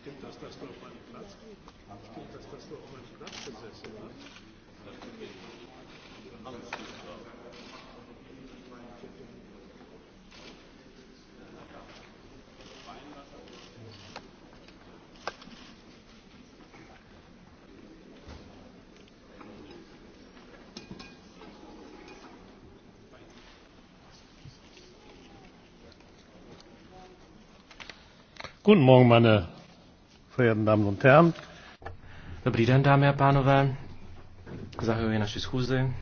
Stimmt das, dass du auf meinen Platz, stimmt das, dass du auf meinen Platz gesessen hast? Dobrý den, dámy a pánové. Zahajuji naši schůzi.